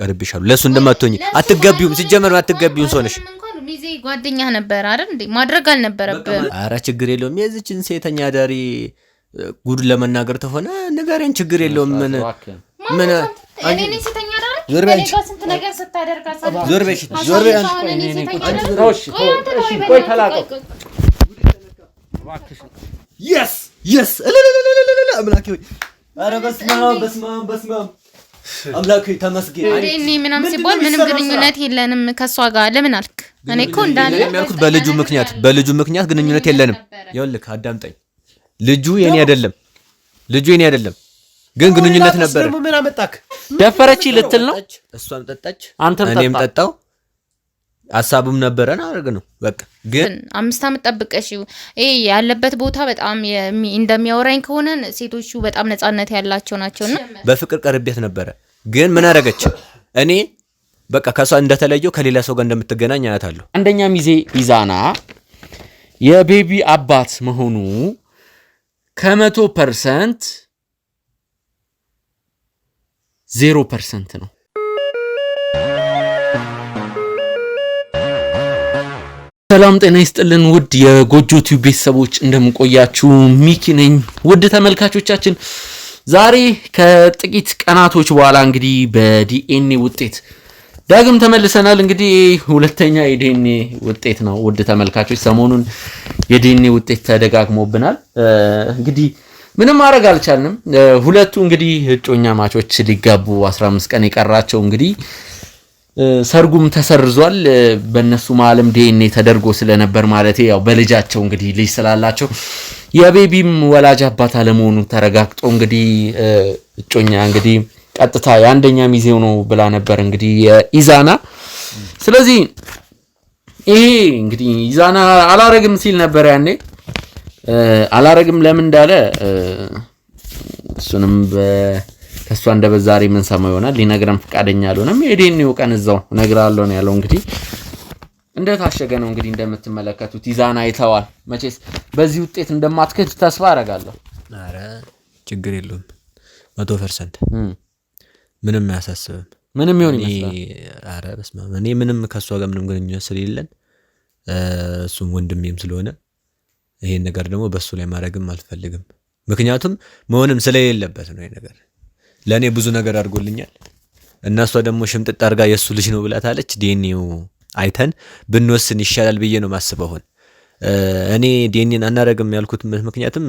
ቀርብሻሉ ለእሱ እንደማትሆኝ አትገቢውም። ሲጀመር አትገቢውን ሰው ነሽ። ሚዜ ጓደኛ ነበር አይደል እንዴ? ማድረግ አልነበረብህም። አረ ችግር የለውም። የዚችን ሴተኛ ዳሪ ጉድ ለመናገር ተሆነ ንገረኝ፣ ችግር የለውም። ምን ምን ዞር በይ አንቺ፣ ዞር በይ አንቺ። አምላክ ተመስገን። እኔ ምናምን ሲባል ምንም ግንኙነት የለንም ከእሷ ጋር ለምን አልክ? እኔ እኮ እንዳለ የሚያልኩት በልጁ ምክንያት በልጁ ምክንያት ግንኙነት የለንም። ይኸውልህ አዳምጠኝ፣ ልጁ የኔ አይደለም፣ ልጁ የኔ አይደለም፣ ግን ግንኙነት ነበር። ደፈረች ልትል ነው። እሷም ጠጣች፣ አንተም ጠጣው ሀሳብም ነበረን አድርግ ነው በቃ ግን አምስት ዓመት ጠብቀሽ ይሄ ያለበት ቦታ በጣም እንደሚያወራኝ ከሆነ ሴቶቹ በጣም ነጻነት ያላቸው ናቸውና በፍቅር ቀርቤት ነበረ። ግን ምን አደረገችው? እኔ በቃ ከሷ እንደተለየው ከሌላ ሰው ጋር እንደምትገናኝ አያታለሁ። አንደኛ ሚዜ ኢዛና የቤቢ አባት መሆኑ ከመቶ ፐርሰንት ዜሮ ፐርሰንት ነው። ሰላም ጤና ይስጥልን ውድ የጎጆ ቲዩብ ቤተሰቦች እንደምቆያችሁ ሚኪ ነኝ። ውድ ተመልካቾቻችን ዛሬ ከጥቂት ቀናቶች በኋላ እንግዲህ በዲኤንኤ ውጤት ዳግም ተመልሰናል። እንግዲህ ሁለተኛ የዲኤንኤ ውጤት ነው። ውድ ተመልካቾች ሰሞኑን የዲኤንኤ ውጤት ተደጋግሞብናል። እንግዲህ ምንም ማድረግ አልቻልንም። ሁለቱ እንግዲህ እጮኛ ማቾች ሊጋቡ 15 ቀን የቀራቸው እንግዲህ ሰርጉም ተሰርዟል። በእነሱ መሀልም ዲኤንኤ ተደርጎ ስለነበር ማለት ያው በልጃቸው እንግዲህ ልጅ ስላላቸው የቤቢም ወላጅ አባት አለመሆኑ ተረጋግጦ እንግዲህ እጮኛ እንግዲህ ቀጥታ የአንደኛ ሚዜው ነው ብላ ነበር እንግዲህ ኢዛና። ስለዚህ ይሄ እንግዲህ ኢዛና አላረግም ሲል ነበር ያኔ አላረግም ለምን እንዳለ እሱንም ከእሷ አንደበት ዛሬ ሰማ ይሆናል። ሊነግረን ፈቃደኛ አልሆነም። የዴኔው ቀን እዛው እነግርሃለሁ ነው ያለው። እንግዲህ እንደታሸገ ነው እንግዲህ እንደምትመለከቱት ይዛን አይተዋል። መቼስ በዚህ ውጤት እንደማትክድ ተስፋ አረጋለሁ። አረ ችግር የለውም መቶ ፐርሰንት ምንም አያሳስብም። ምንም ይሆን ይመስላል። አረ በስመ አብ እኔ ምንም ከእሷ ጋር ምንም ግንኙነት ስለሌለን እሱም ወንድሜም ስለሆነ ይሄን ነገር ደግሞ በእሱ ላይ ማድረግም አልፈልግም። ምክንያቱም መሆንም ስለሌለበት ነው ይሄ ነገር ለእኔ ብዙ ነገር አድርጎልኛል እና ደግሞ ሽምጥጥ አድርጋ የእሱ ልጅ ነው ብላታለች። ዴኒው አይተን ብንወስን ይሻላል ብዬ ነው ማስበውን። እኔ ዴኒን አናረግም ያልኩት ምክንያትም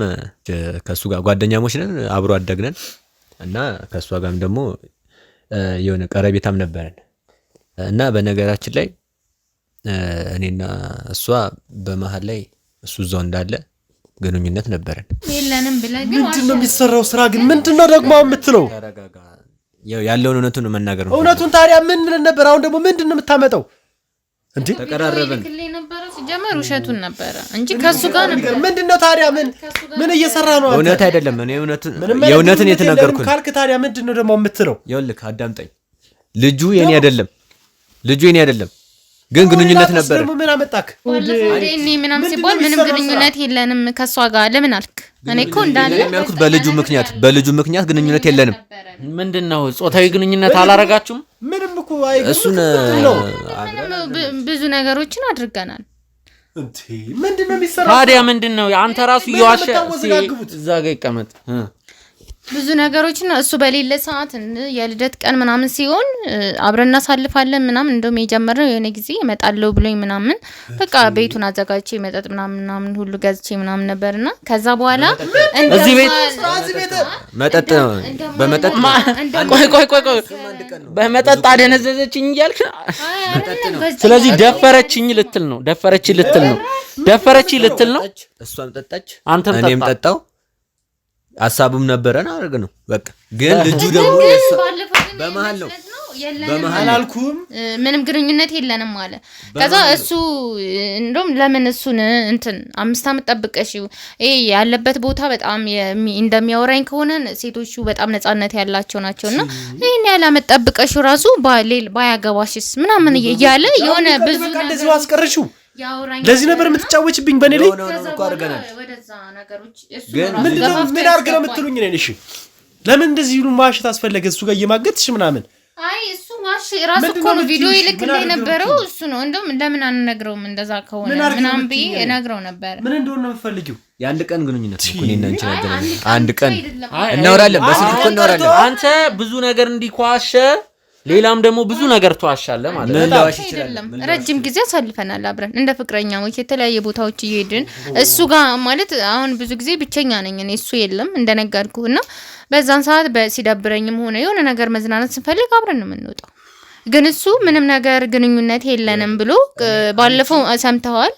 ከእሱ ጋር ጓደኛሞች ነን፣ አብሮ አደግነን እና ከእሷ ጋርም ደግሞ የሆነ ቀረቤታም ነበረን እና በነገራችን ላይ እኔና እሷ በመሀል ላይ እሱ እዛው እንዳለ ግንኙነት ነበረን። የለንም ምንድን ነው የሚሰራው ስራ ግን ምንድን ነው ደግሞ የምትለው? ያለውን እውነቱን መናገር ነው። እውነቱን ታዲያ ምን ብለን ነበር? አሁን ደግሞ ምንድን ነው የምታመጠው? እንዴ ተቀራረብን ነበረ ሲጀመር ውሸቱን ነበረ እንጂ ከሱ ጋር ነበር። ምንድን ነው ታዲያ ምን ምን እየሰራ ነው? እውነት አይደለም። የእውነትን የተናገርኩ ካልክ ታዲያ ምንድን ነው ደግሞ የምትለው? ይኸውልህ አዳምጠኝ። ልጁ የኔ አይደለም፣ ልጁ የኔ አይደለም ግን ግንኙነት ነበር። ምን አመጣክ? ምናም ሲባል ምንም ግንኙነት የለንም ከእሷ ጋር ለምን አልክ? እኔ እኮ እንዳለ የሚያልኩት በልጁ ምክንያት በልጁ ምክንያት ግንኙነት የለንም። ምንድን ነው ጾታዊ ግንኙነት አላረጋችሁም? ምንም እኮ እሱን ብዙ ነገሮችን አድርገናል። ምንድን ነው የሚሰራ ታዲያ? ምንድን ነው አንተ ራሱ እየዋሸ እዛ ጋ ይቀመጥ ብዙ ነገሮችን እሱ በሌለ ሰዓት የልደት ቀን ምናምን ሲሆን አብረን እናሳልፋለን ምናምን። እንደውም የጀመርነው የሆነ ጊዜ እመጣለሁ ብሎኝ ምናምን በቃ ቤቱን አዘጋጅቼ መጠጥ ምናምን ምናምን ሁሉ ገዝቼ ምናምን ነበር ነበርና ከዛ በኋላ እዚህ ቤት መጠጥ ነው በመጠጥ ቆይ ቆይ ቆይ በመጠጥ አደነዘዘችኝ እያልክ ስለዚህ ደፈረችኝ ልትል ነው። ደፈረችኝ ልትል ነው። ደፈረችኝ ልትል ነው። እሷም ጠጣች፣ አንተም ጠጣው ሀሳብም ነበረን አድርግ ነው በቃ ግን ልጁ ደግሞ በመሀል ነው አላልኩም ምንም ግንኙነት የለንም አለ። ከዛ እሱ እንደውም ለምን እሱን እንትን አምስት አመት ጠብቀሽ ይሄ ያለበት ቦታ በጣም እንደሚያወራኝ ከሆነ ሴቶቹ በጣም ነጻነት ያላቸው ናቸው እና ይህን ያለ አመት ጠብቀሽ ራሱ ባያገባሽስ ምናምን እያለ የሆነ ብዙ እንደዚህ አስቀረሽው። ለዚህ ነበር የምትጫወችብኝ በእኔ ላይ እንደዛ ምን አርግ ነው የምትሉኝ? ነን እሺ፣ ለምን እንደዚህ ማሸት አስፈለገ? እሱ ጋር እየማገጥሽ ምናምን። አይ እሱ ማሽ ራሱ እኮ ነው ቪዲዮ ይልክ የነበረው እሱ ነው። እንደውም ለምን አንነግረውም? እንደዛ ከሆነ ምናምን ብዬ እነግረው ነበር። ምን እንደሆነ ነው የምፈልጊው የአንድ ቀን ግንኙነት እኮ እኔና አንቺ ነገር አንድ ቀን እናወራለን፣ በስልክ እኮ እናወራለን። አንተ ብዙ ነገር እንዲኳሸ ሌላም ደግሞ ብዙ ነገር ተዋሻለ ማለት ረጅም ጊዜ አሳልፈናል አብረን እንደ ፍቅረኛ ሞች የተለያየ ቦታዎች እየሄድን እሱ ጋር ማለት አሁን ብዙ ጊዜ ብቸኛ ነኝ እኔ እሱ የለም እንደነገርኩ እና በዛን ሰዓት ሲደብረኝም ሆነ የሆነ ነገር መዝናናት ስንፈልግ አብረን የምንወጣው። ግን እሱ ምንም ነገር ግንኙነት የለንም ብሎ ባለፈው ሰምተዋል።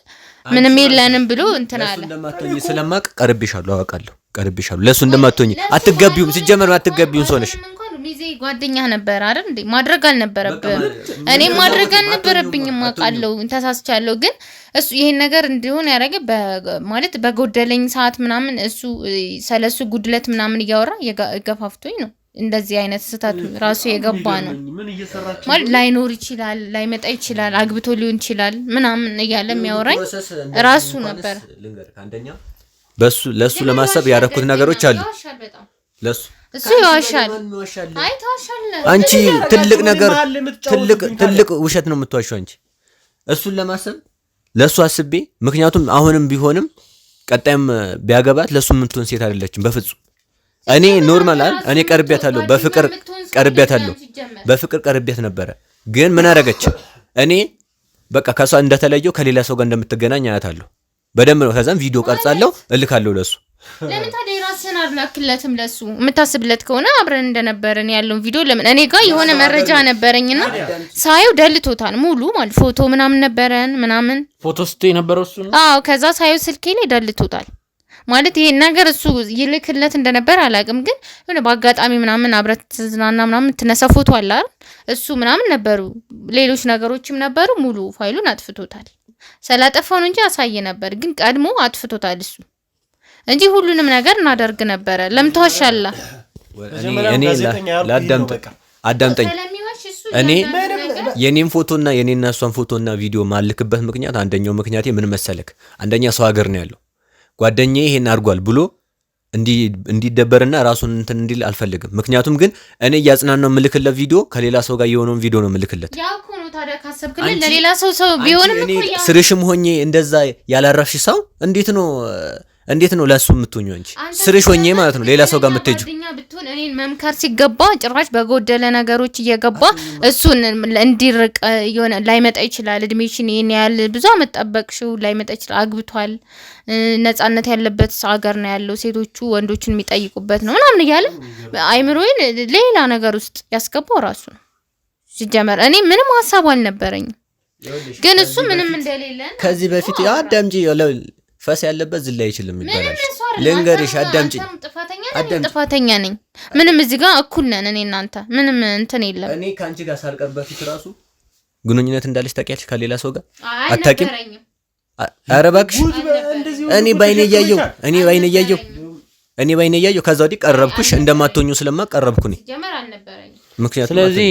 ምንም የለንም ብሎ እንትን አለ። እንደማትሆኝ ስለማቅ ቀርቤሻለሁ፣ አውቃለሁ። ቀርቤሻለሁ ለእሱ እንደማትሆኝ አትገቢውም። ሲጀመር አትገቢውም ሰው ነሽ። ሚዜ ጓደኛ ነበር አይደል እንዴ? ማድረግ አልነበረብህም። እኔ ማድረግ አልነበረብኝም፣ አውቃለሁ፣ ተሳስቻለሁ። ግን እሱ ይሄን ነገር እንዲሆን ያደረገ ማለት በጎደለኝ ሰዓት ምናምን እሱ ስለሱ ጉድለት ምናምን እያወራ የገፋፍቶኝ ነው እንደዚህ አይነት ስህተቱ ራሱ የገባ ነው ማለት ላይኖር ይችላል፣ ላይመጣ ይችላል፣ አግብቶ ሊሆን ይችላል ምናምን እያለ የሚያወራኝ ራሱ ነበር። ለሱ ለማሰብ ያደረኩት ነገሮች አሉ። ለእሱ እሱ ይዋሻል። አንቺ ትልቅ ነገር ትልቅ ውሸት ነው የምትዋሸው አንቺ። እሱን ለማሰብ ለእሱ አስቤ፣ ምክንያቱም አሁንም ቢሆንም ቀጣይም ቢያገባት ለእሱ የምትሆን ሴት አይደለችም በፍጹም እኔ ኖርማል አይደል? እኔ ቀርቤያታለሁ፣ በፍቅር ቀርቤያታለሁ፣ በፍቅር ቀርቤያት ነበረ። ግን ምን አደረገች? እኔ በቃ ከሷ እንደተለየው ከሌላ ሰው ጋር እንደምትገናኝ አያታለሁ በደንብ ነው። ከዛም ቪዲዮ ቀርጻለሁ እልካለሁ ለሱ። ለምን ታዲያ የራስህን አላክለትም? ለሱ የምታስብለት ከሆነ አብረን እንደነበረን ያለውን ቪዲዮ ለምን እኔ ጋር የሆነ መረጃ ነበረኝና ሳየው ደልቶታል። ሙሉ ማለት ፎቶ ምናምን ነበረን ምናምን ፎቶ ስቶ የነበረው እሱ ነው። አዎ ከዛ ሳየው ስልኬ ላይ ደልቶታል። ማለት ይሄን ነገር እሱ ይልክለት እንደነበር አላውቅም፣ ግን የሆነ በአጋጣሚ ምናምን አብረት ዝናና ምናምን ትነሳ ፎቶ አለ አይደል? እሱ ምናምን ነበሩ፣ ሌሎች ነገሮችም ነበሩ። ሙሉ ፋይሉን አጥፍቶታል። ስላጠፋው ነው እንጂ አሳየ ነበር፣ ግን ቀድሞ አጥፍቶታል እሱ እንጂ ሁሉንም ነገር እናደርግ ነበረ። ለምታሻላ እኔ አዳምጠኝ እኔ የኔን ፎቶና የኔና እሷን ፎቶና ቪዲዮ ማልክበት ምክንያት አንደኛው ምክንያቴ ምን መሰለክ፣ አንደኛ ሰው ሀገር ነው ያለው ጓደኛ ይሄን አድርጓል ብሎ እንዲደበርና ራሱን እንትን እንዲል አልፈልግም። ምክንያቱም ግን እኔ እያጽናናው ምልክለት ቪዲዮ ከሌላ ሰው ጋር የሆነውን ቪዲዮ ነው ምልክለት። ለሌላ ሰው ሰው ቢሆንም ስርሽም ሆኜ እንደዛ ያላረፍሽ ሰው እንዴት ነው እንዴት ነው ለሱ የምትሆኙ? እንጂ ስርሽ ሆኜ ማለት ነው ሌላ ሰው ጋር የምትሄጁ ብትሆን እኔን መምከር ሲገባ ጭራሽ በጎደለ ነገሮች እየገባ እሱን እንዲርቅ የሆነ ላይመጣ ይችላል። እድሜሽን ይሄን ያህል ብዙ መጠበቅሽው ላይመጣ ይችላል። አግብቷል፣ ነጻነት ያለበት ሀገር ነው ያለው፣ ሴቶቹ ወንዶችን የሚጠይቁበት ነው ምናምን እያለ አይምሮዬን ሌላ ነገር ውስጥ ያስገባው ራሱ ነው ሲጀመር። እኔ ምንም ሀሳብ አልነበረኝም፣ ግን እሱ ምንም እንደሌለ ከዚህ በፊት አዳምጂ ፈስ ያለበት ዝላ አይችልም ይባላል። ልንገርሽ፣ አዳምጪኝ። ጥፋተኛ ነኝ። ምንም እዚህ ጋር እኩል ነን እኔ እናንተ፣ ምንም እንትን የለም። እኔ ከአንቺ ጋር ሳልቀርብ በፊት ራሱ ግንኙነት እንዳለች ታውቂያለሽ? ከሌላ ሰው ጋር አታውቂም? ኧረ እባክሽ፣ እኔ ባይኔ እያየሁ እኔ ባይኔ እያየሁ እኔ ባይኔ እያየሁ ከዛ ወዲህ ቀረብኩሽ እንደማትሆኙ ስለማቀረብኩ ነኝ። ምክንያቱም ስለዚህ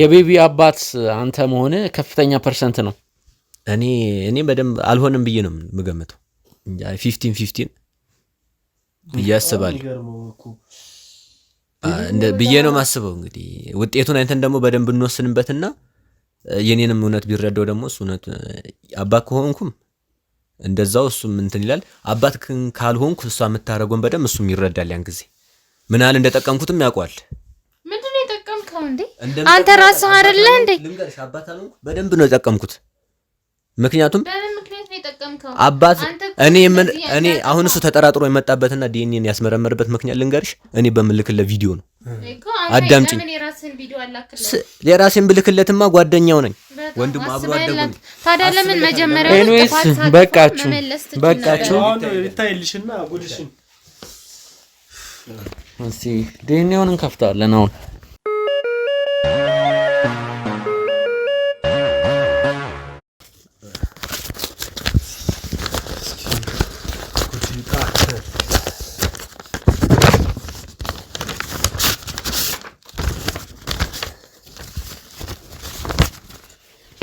የቤቢ አባት አንተ መሆን ከፍተኛ ፐርሰንት ነው እኔ እኔ በደንብ አልሆንም ብዬ ነው የምገምተው። ፊፍቲን ፊፍቲን ብዬ አስባለሁ ብዬ ነው የማስበው። እንግዲህ ውጤቱን አይተን ደግሞ በደንብ እንወስንበትና የኔንም እውነት ቢረዳው ደግሞ እሱ እውነት አባት ከሆንኩም እንደዛው እሱም እንትን ይላል። አባት ካልሆንኩ እሷ የምታደርገውን በደንብ እሱም ይረዳል። ያን ጊዜ ምን ያህል እንደጠቀምኩትም ያውቋል። ምንድን ነው የጠቀምከው እንዴ? አንተ ራስህ አይደለህ እንዴ? ልንገርሽ፣ አባት አልሆንኩ በደንብ ነው የጠቀምኩት። ምክንያቱም አባት እኔ እኔ አሁን እሱ ተጠራጥሮ የመጣበትና ዲኤንኤን ያስመረመርበት ምክንያት ልንገርሽ፣ እኔ በምልክለት ቪዲዮ ነው። አዳምጪኝ። የራሴን ብልክለትማ ጓደኛው ነኝ፣ ወንድም አብሮ አደጉ። ታዲያ ለምን መጀመሪያ ኤኒዌይስ፣ በቃችሁ በቃችሁ። ዲኤንኤውን እንከፍታለን አሁን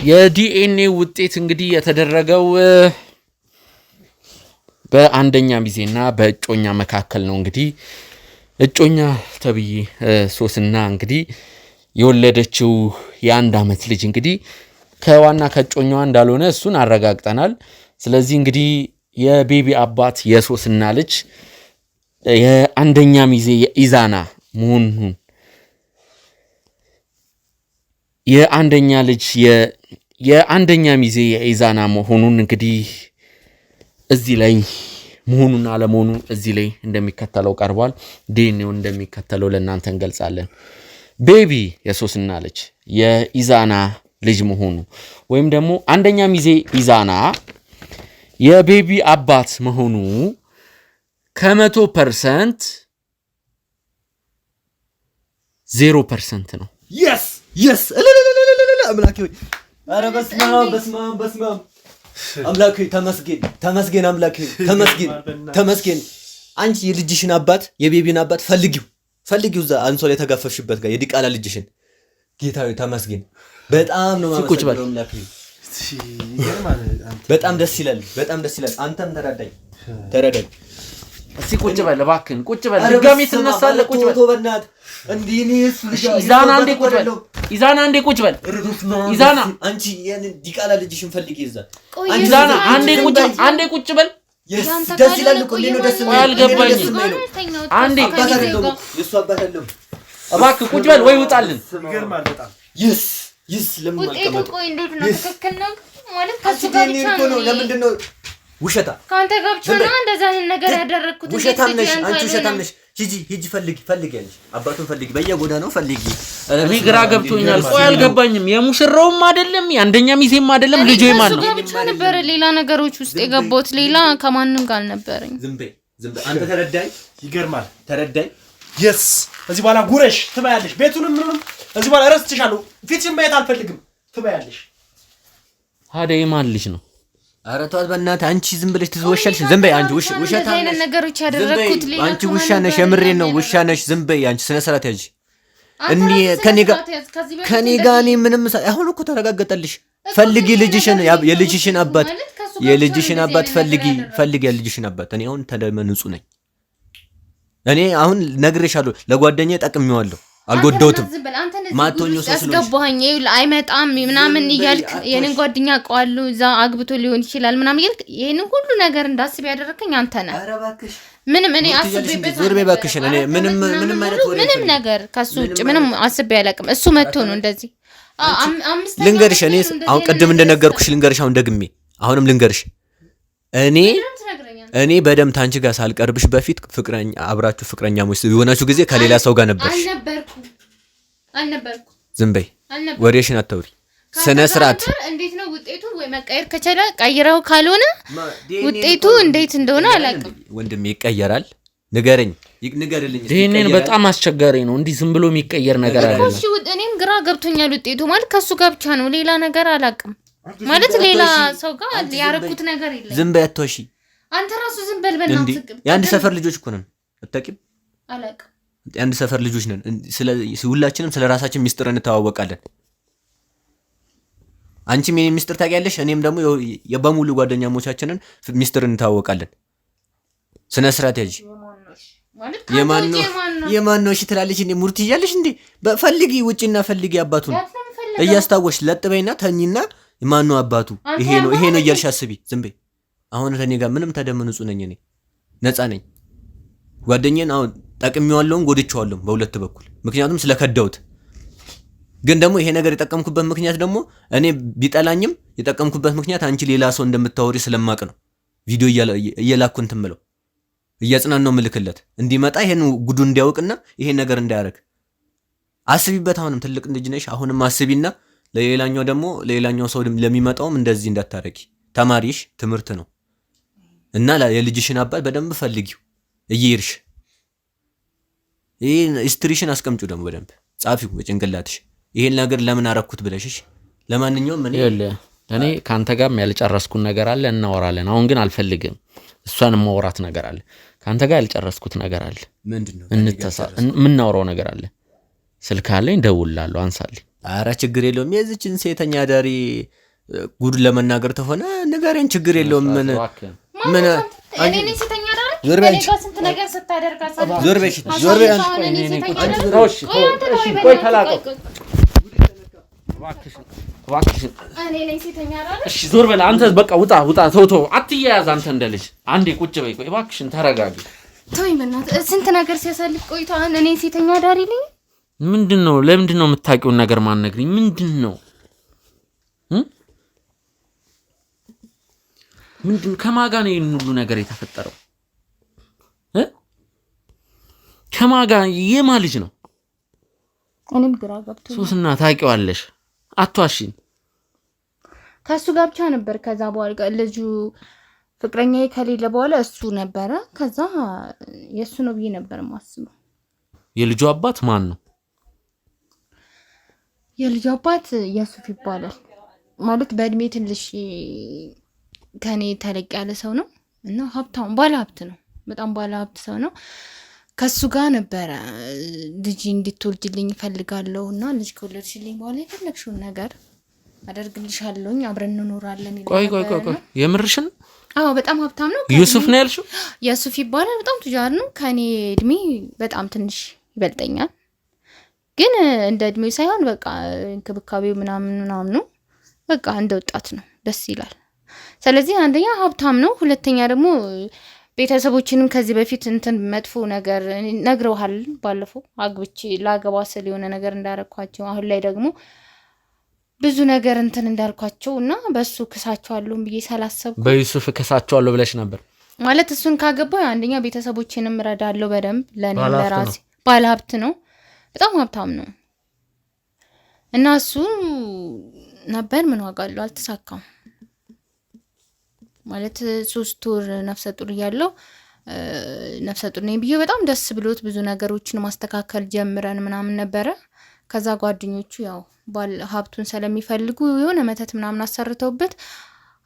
የዲኤንኤ ውጤት እንግዲህ የተደረገው በአንደኛ ሚዜና በእጮኛ መካከል ነው። እንግዲህ እጮኛ ተብዬ ሶስና እንግዲህ የወለደችው የአንድ ዓመት ልጅ እንግዲህ ከዋና ከእጮኛዋ እንዳልሆነ እሱን አረጋግጠናል። ስለዚህ እንግዲህ የቤቢ አባት የሶስና ልጅ የአንደኛ ሚዜ የኢዛና መሆኑን የአንደኛ ልጅ የአንደኛ ሚዜ የኢዛና መሆኑን እንግዲህ እዚህ ላይ መሆኑን አለመሆኑ እዚህ ላይ እንደሚከተለው ቀርቧል። ዴኔው እንደሚከተለው ለእናንተ እንገልጻለን። ቤቢ የሶስና ልጅ የኢዛና ልጅ መሆኑ ወይም ደግሞ አንደኛ ሚዜ ኢዛና የቤቢ አባት መሆኑ ከመቶ ፐርሰንት ዜሮ ፐርሰንት ነው። የስ አምላኬ ሆይ ኧረ በስመ አብ በስመ አብ በስመ አብ አምላኬ ተመስገን ተመስገን አምላኬ ተመስገን ተመስገን። አንቺ የልጅሽን አባት የቤቢን አባት ፈልጊው ፈልጊው እዛ አንሶላ የተጋፈፍሽበት ጋር የዲቃላ ልጅሽን ጌታዊ ተመስገን። በጣም ነው ማለት ነው አምላኬ። በጣም ደስ ይላል። በጣም ደስ ይላል። አንተም ተረዳኝ ተረዳኝ እስቲ ቁጭ በል እባክህን፣ ቁጭ በል ድጋሚ ትነሳለህ። ቁጭ በል ኢዛና፣ አንዴ ቁጭ በል ኢዛና፣ አንዴ ቁጭ በል ኢዛና፣ አንቺ ያንን ዲቃላ ልጅሽን ፈልጊ እዛ። ኢዛና፣ አንዴ ቁጭ አንዴ ቁጭ በል ደስ ይላል እኮ እንዴት ነው ደስ የሚለው? አልገባኝም። አንዴ እባክህ ቁጭ በል ወይ ውጣልን። ይስ ይስ ለምን ማለት ከሱ ጋር ብቻ ነው ውሸታ ካንተ ገብቼ ነው እንደዛ አይነት ነገር ያደረኩት። ውሸታም ነሽ አንቺ፣ ውሸታም ነሽ። ሂጂ ሂጂ፣ ፈልጊ ፈልጊ፣ አንቺ አባቱን ፈልጊ፣ በየጎዳናው ፈልጊ። እኔ ግራ ገብቶኛል። ቆይ አልገባኝም። የሙሽራውም አይደለም የአንደኛ ሚዜም አይደለም ልጆ ማን ነው? ብቻ ነበር ሌላ ነገሮች ውስጥ የገባሁት። ሌላ ከማንም ጋር አልነበረኝ። ዝም በይ ዝም በይ አንተ። ተረዳኝ። ይገርማል። ተረዳኝ። የስ እዚህ በኋላ ጉረሽ ትበያለሽ። ቤቱንም ምንም እዚህ በኋላ እረስትሻለሁ። ፊትሽን ማየት አልፈልግም። ትበያለሽ። ሀደ የማን ልጅ ነው? ኧረ ተዋት በእናትህ አንቺ ዝም ብለሽ ትወሻልሽ። ዝም በይ አንቺ ውሻ ነገሮች ያደረኩት አንቺ ውሻ ነሽ። የምሬን ነው ውሻ ነሽ። ዝም በይ አንቺ ስነ ስርዓት ያዥ። ከኔ ጋ እኔ ምንም አሁን እኮ ተረጋገጠልሽ። ፈልጊ ልጅሽን፣ የልጅሽን አባት የልጅሽን አባት ፈልጊ፣ ፈልጊ የልጅሽን አባት። እኔ አሁን ተደመ ንጹህ ነኝ። እኔ አሁን ነግሬሻለሁ፣ ለጓደኛዬ ጠቅሜዋለሁ። አልጎደውትም ማቶኞ ያስገባኝ አይመጣም ምናምን እያልክ ይህንን ጓደኛ ቀዋሉ እዛ አግብቶ ሊሆን ይችላል ምናምን እያልክ ይህንን ሁሉ ነገር እንዳስብ ያደረከኝ አንተ ነህ። ምንም እኔ ምንም ነገር ከሱ ውጭ ምንም አስቤ አላውቅም። እሱ መጥቶ ነው እንደዚህ ልንገርሽ። እኔ አሁን ቅድም እንደነገርኩሽ ልንገርሽ፣ አሁን ደግሜ አሁንም ልንገርሽ እኔ እኔ በደም ታንቺ ጋር ሳልቀርብሽ በፊት ፍቅረኛ አብራችሁ ፍቅረኛ ፍቅረኛሞች የሆናችሁ ጊዜ ከሌላ ሰው ጋር ነበርሽ። ዝም በይ፣ ወሬሽን አታውሪ። ስነ ስርዓት እንዴት ነው ውጤቱ? ወይ መቀየር ከቻለ ቀይረው፣ ካልሆነ ውጤቱ እንዴት እንደሆነ አላውቅም። ወንድም ይቀየራል። ንገረኝ፣ ንገርልኝ። ይህንን በጣም አስቸጋሪ ነው። እንዲህ ዝም ብሎ የሚቀየር ነገር አለ። እኔም ግራ ገብቶኛል። ውጤቱ ማለት ከእሱ ጋር ብቻ ነው፣ ሌላ ነገር አላውቅም። ማለት ሌላ ሰው ጋር ያረኩት ነገር የለም። ዝም በይ፣ አትዋሺ አንተ ራሱ ዝም በል በእናትህ። የአንድ ሰፈር ልጆች እኮ ነን። አታውቂም? አላውቅም። የአንድ ሰፈር ልጆች ነን። ሁላችንም ስለ ራሳችን ሚስጥር እንተዋወቃለን። አንቺም የኔ ሚስጥር ታውቂያለሽ፣ እኔም ደግሞ በሙሉ ጓደኛሞቻችንን ሚስጥር እንተዋወቃለን። ስነ ስርዓት ያዥ። የማን ነው እሺ ትላለች እንዴ? ሙርት እያለሽ እንዴ? በፈልጊ ውጭና ፈልጊ። አባቱን እያስታወሽ ለጥበይና ተኝና ማን ነው አባቱ? ይሄ ነው ይሄ ነው እያልሽ አስቢ። ዝም በይ አሁን ከኔ ጋር ምንም ተደም ንጹህ ነኝ፣ እኔ ነፃ ነኝ። ጓደኛዬን አሁን ጠቅሜዋለሁም ጎድቼዋለሁም በሁለት በኩል ምክንያቱም ስለከደውት ግን ደግሞ ይሄ ነገር የጠቀምኩበት ምክንያት ደግሞ እኔ ቢጠላኝም የጠቀምኩበት ምክንያት አንቺ ሌላ ሰው እንደምታወሪ ስለማቅ ነው። ቪዲዮ እየላኩ እንትን ምለው እያጽናናው ምልክለት እንዲመጣ ይሄን ጉዱ እንዲያውቅና ይሄን ነገር እንዳያደርግ አስቢበት። አሁንም ትልቅ ልጅ ነሽ፣ አሁንም አስቢና ለሌላኛው ደግሞ ለሌላኛው ሰው ለሚመጣውም እንደዚህ እንዳታረጊ። ተማሪሽ ትምህርት ነው። እና የልጅሽን አባት በደንብ ፈልጊው እየሄድሽ ይህ ስትሪሽን አስቀምጩ ደግሞ በደንብ ጻፊው በጭንቅላትሽ ይሄን ነገር ለምን አረኩት ብለሽሽ። ለማንኛውም እኔ እኔ ከአንተ ጋር ያልጨረስኩን ነገር አለ፣ እናወራለን። አሁን ግን አልፈልግም። እሷን ማውራት ነገር አለ፣ ከአንተ ጋር ያልጨረስኩት ነገር አለ፣ የምናወራው ነገር አለ። ስልክ አለኝ፣ ደውላለሁ አንሳል ኧረ ችግር የለውም። የዚችን ሴተኛ ዳሪ ጉድ ለመናገር ተሆነ ንገረኝ፣ ችግር የለውም። ምን ምን ዞር በል አንተ፣ በቃ ውጣ ውጣ፣ ተው ተው፣ አትያያዝ አንተ እንደ ልጅ። አንዴ ቁጭ በይ፣ ቆይ እባክሽን ተረጋጊ። በእናትህ። ስንት ነገር ሲያሳልፍ ቆይቶ አሁን እኔ ሴተኛ አዳሪ ነኝ። ምንድን ነው? ለምንድን ነው የምታውቂውን ነገር ማነግሪኝ? ምንድን ነው ምንድን ከማጋ ነው ይህን ሁሉ ነገር የተፈጠረው? ከማጋ የማ ልጅ ነው? እኔም ግራ ገብቶ ሶስና ታውቂዋለሽ፣ አቷሽን ከእሱ ጋብቻ ነበር። ከዛ በኋላ ልጁ ፍቅረኛ ከሌለ በኋላ እሱ ነበረ። ከዛ የእሱ ነው ብዬ ነበር ማስበው። የልጁ አባት ማን ነው? የልጁ አባት የሱፍ ይባላል። ማለት በእድሜ ትንሽ ከኔ ተለቅ ያለ ሰው ነው እና ሀብታም ባለ ሀብት ነው። በጣም ባለ ሀብት ሰው ነው። ከሱ ጋር ነበረ ልጅ እንድትወልጅልኝ እፈልጋለሁ እና ልጅ ከወለድሽልኝ በኋላ የፈለግሽውን ነገር አደርግልሻለሁኝ አብረን እንኖራለን። ቆይ ቆይ ቆይ የምርሽን? አዎ በጣም ሀብታም ነው። ዩሱፍ ነው ያልሽው? ዩሱፍ ይባላል። በጣም ቱጃር ነው። ከኔ እድሜ በጣም ትንሽ ይበልጠኛል፣ ግን እንደ እድሜው ሳይሆን በቃ እንክብካቤው ምናምን ምናምኑ በቃ እንደ ወጣት ነው። ደስ ይላል። ስለዚህ አንደኛ ሀብታም ነው፣ ሁለተኛ ደግሞ ቤተሰቦችንም ከዚህ በፊት እንትን መጥፎ ነገር ነግረውሃል። ባለፈው አግብቼ ላገባ ስል የሆነ ነገር እንዳረግኳቸው አሁን ላይ ደግሞ ብዙ ነገር እንትን እንዳልኳቸው እና በሱ ክሳቸዋለሁ ብዬ ሳላሰብኩ በዩሱፍ ክሳቸዋለሁ ብለሽ ነበር። ማለት እሱን ካገባው አንደኛ ቤተሰቦችንም እረዳለሁ በደንብ ለእኔ ለራሴ ባለሀብት ነው፣ በጣም ሀብታም ነው እና እሱ ነበር። ምን ዋጋ አለው? አልተሳካም። ማለት ሶስት ወር ነፍሰ ጡር እያለው ነፍሰ ጡር ነኝ ብዬ በጣም ደስ ብሎት ብዙ ነገሮችን ማስተካከል ጀምረን ምናምን ነበረ። ከዛ ጓደኞቹ ያው ባል ሀብቱን ስለሚፈልጉ የሆነ መተት ምናምን አሰርተውበት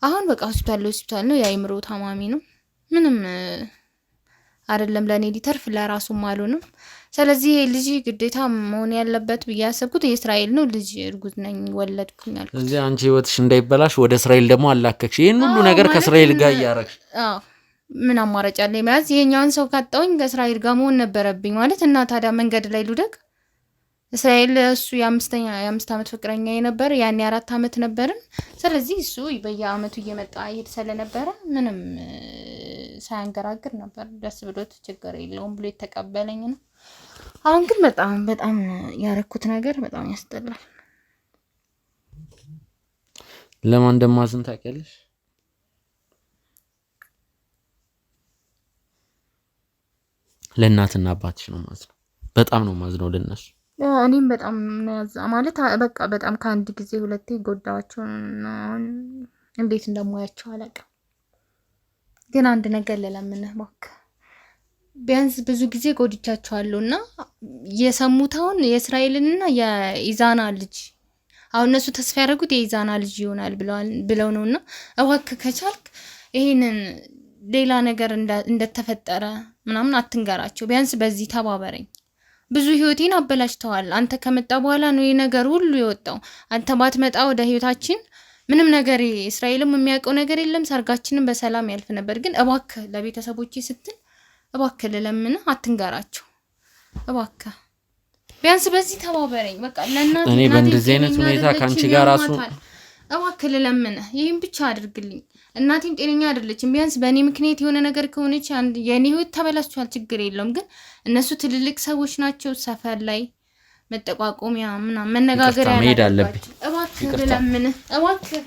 አሁን በቃ ሆስፒታል ሆስፒታል ነው። የአይምሮ ታማሚ ነው ምንም አይደለም ለእኔ ሊተርፍ ለራሱም አልሆንም። ስለዚህ ልጅ ግዴታ መሆን ያለበት ብዬ ያሰብኩት የእስራኤል ነው። ልጅ እርጉዝ ነኝ ወለድኩኝ አልኩት። ስለዚህ አንቺ ህይወትሽ እንዳይበላሽ ወደ እስራኤል ደግሞ አላከክሽ። ይህን ሁሉ ነገር ከእስራኤል ጋር እያረግሽ ምን አማራጭ አለ? መያዝ ይሄኛውን ሰው ካጣውኝ ከእስራኤል ጋር መሆን ነበረብኝ ማለት እና ታዲያ መንገድ ላይ ሉደግ እስራኤል እሱ የአምስተኛ የአምስት ዓመት ፍቅረኛ የነበር ያኔ አራት ዓመት ነበርን። ስለዚህ እሱ በየዓመቱ እየመጣ ይሄድ ስለነበረ ምንም ሳያንገራግር ነበር ደስ ብሎት ችግር የለውም ብሎ የተቀበለኝ ነው። አሁን ግን በጣም በጣም ያረኩት ነገር በጣም ያስጠላል። ለማን እንደማዝን ታውቂያለሽ? ለእናትና አባትሽ ነው ማዝነው። በጣም ነው ማዝነው ለእነሱ እኔም በጣም ያዛ ማለት በቃ በጣም ከአንድ ጊዜ ሁለቴ ጎዳቸው። አሁን እንዴት እንደማያቸው አላውቅም፣ ግን አንድ ነገር ልለምንህ እባክህ። ቢያንስ ብዙ ጊዜ ጎድቻቸዋለሁ እና የሰሙተውን የእስራኤልንና የኢዛና ልጅ አሁን እነሱ ተስፋ ያደረጉት የኢዛና ልጅ ይሆናል ብለው ነው እና እባክህ ከቻልክ ይሄንን ሌላ ነገር እንደተፈጠረ ምናምን አትንገራቸው። ቢያንስ በዚህ ተባበረኝ። ብዙ ህይወቴን አበላሽተዋል። አንተ ከመጣ በኋላ ነው ነገር ሁሉ የወጣው። አንተ ባትመጣ ወደ ህይወታችን ምንም ነገር እስራኤልም የሚያውቀው ነገር የለም። ሰርጋችንም በሰላም ያልፍ ነበር። ግን እባከ ለቤተሰቦች ስትል እባክህ ልለምን አትንገራቸው፣ እባክህ ቢያንስ በዚህ ተባበረኝ። በቃ ለእናት እኔ በእንደዚህ አይነት ሁኔታ ከአንቺ ጋር ራሱ እባክህ ይህም ብቻ አድርግልኝ እናቴም ጤነኛ አይደለችም። ቢያንስ በእኔ ምክንያት የሆነ ነገር ከሆነች የእኔ ህይወት ተበላሽቷል፣ ችግር የለውም ግን እነሱ ትልልቅ ሰዎች ናቸው። ሰፈር ላይ መጠቋቆሚያ ምናምን መነጋገሪያ እባክህ ብለምን እባክህ